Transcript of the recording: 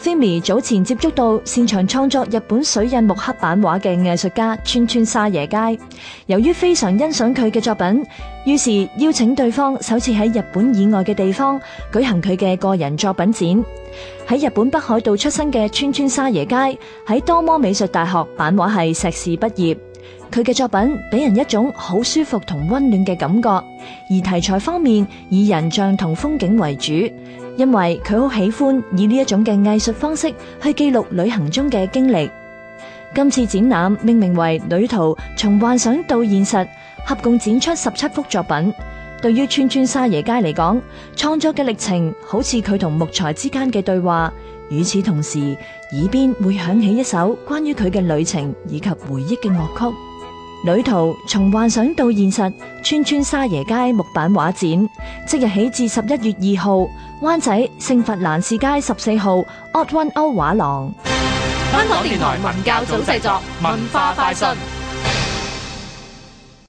Femi 早前接觸到擅長創作日本水印木刻版畫嘅藝術家川川沙耶街。由於非常欣賞佢嘅作品，於是邀請對方首次喺日本以外嘅地方舉行佢嘅個人作品展。喺日本北海道出生嘅川川沙耶街，喺多摩美術大學版畫係碩士畢業。佢嘅作品俾人一種好舒服同溫暖嘅感覺，而題材方面以人像同風景為主，因為佢好喜歡以呢一種嘅藝術方式去記錄旅行中嘅經歷。今次展覽命名為《旅途從幻想到現實》，合共展出十七幅作品。對於川川沙耶街嚟講，創作嘅歷程好似佢同木材之間嘅對話。與此同時，耳邊會響起一首關於佢嘅旅程以及回憶嘅樂曲。旅途從幻想到現實，川川沙耶街木板畫展，即日起至十一月二號，灣仔聖佛蘭士街十四號 Odd One Out 畫廊。香港電台文教組製作，文化快訊。